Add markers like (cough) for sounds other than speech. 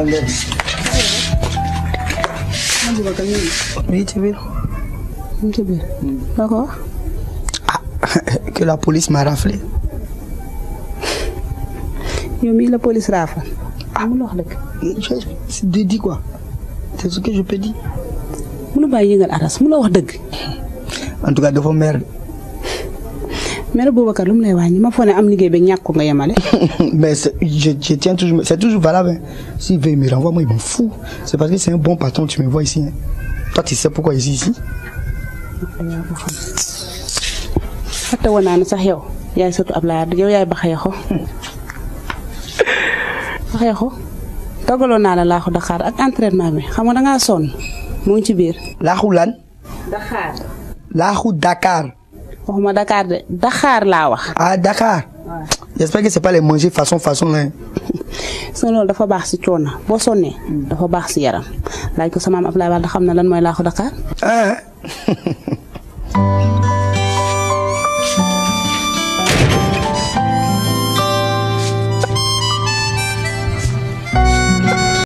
ah (laughs) que la police m'a raflé. yow mii la police rafle. ah mu wax dëgg. c'est dédi quoi c'est ce que je peux dire. mënu bàyyi yëngal aras mu la wax en tout cas dafa mer. mais Boubacar ka mu lay wàññi ma foog ne am liggéey beeg ñàkk ko nga yemale. (laughs) mais c' je je tiens toujours c' est toujours valable hein. si veille me renvoie moi il m'en parce que c' un bon patron tu me vois ici hein. toi tu naa ne sax yow (laughs) la laaxu Dakar ak entraînement bi xam nga da ngaa sonn mu ci biir. laaxu lan. Dakar. laaxu Dakar. waxuma Dakar de Dakar laa wax. ah Dakar. waaw j'espère que c'est pas les manger façon façon la. gis nga loolu dafa baax si na boo sonnee. dafa baax si yaram laaj ko sama maam Abdoulaye Wade xam na lan mooy laaxu Dakar. Ah. (laughs)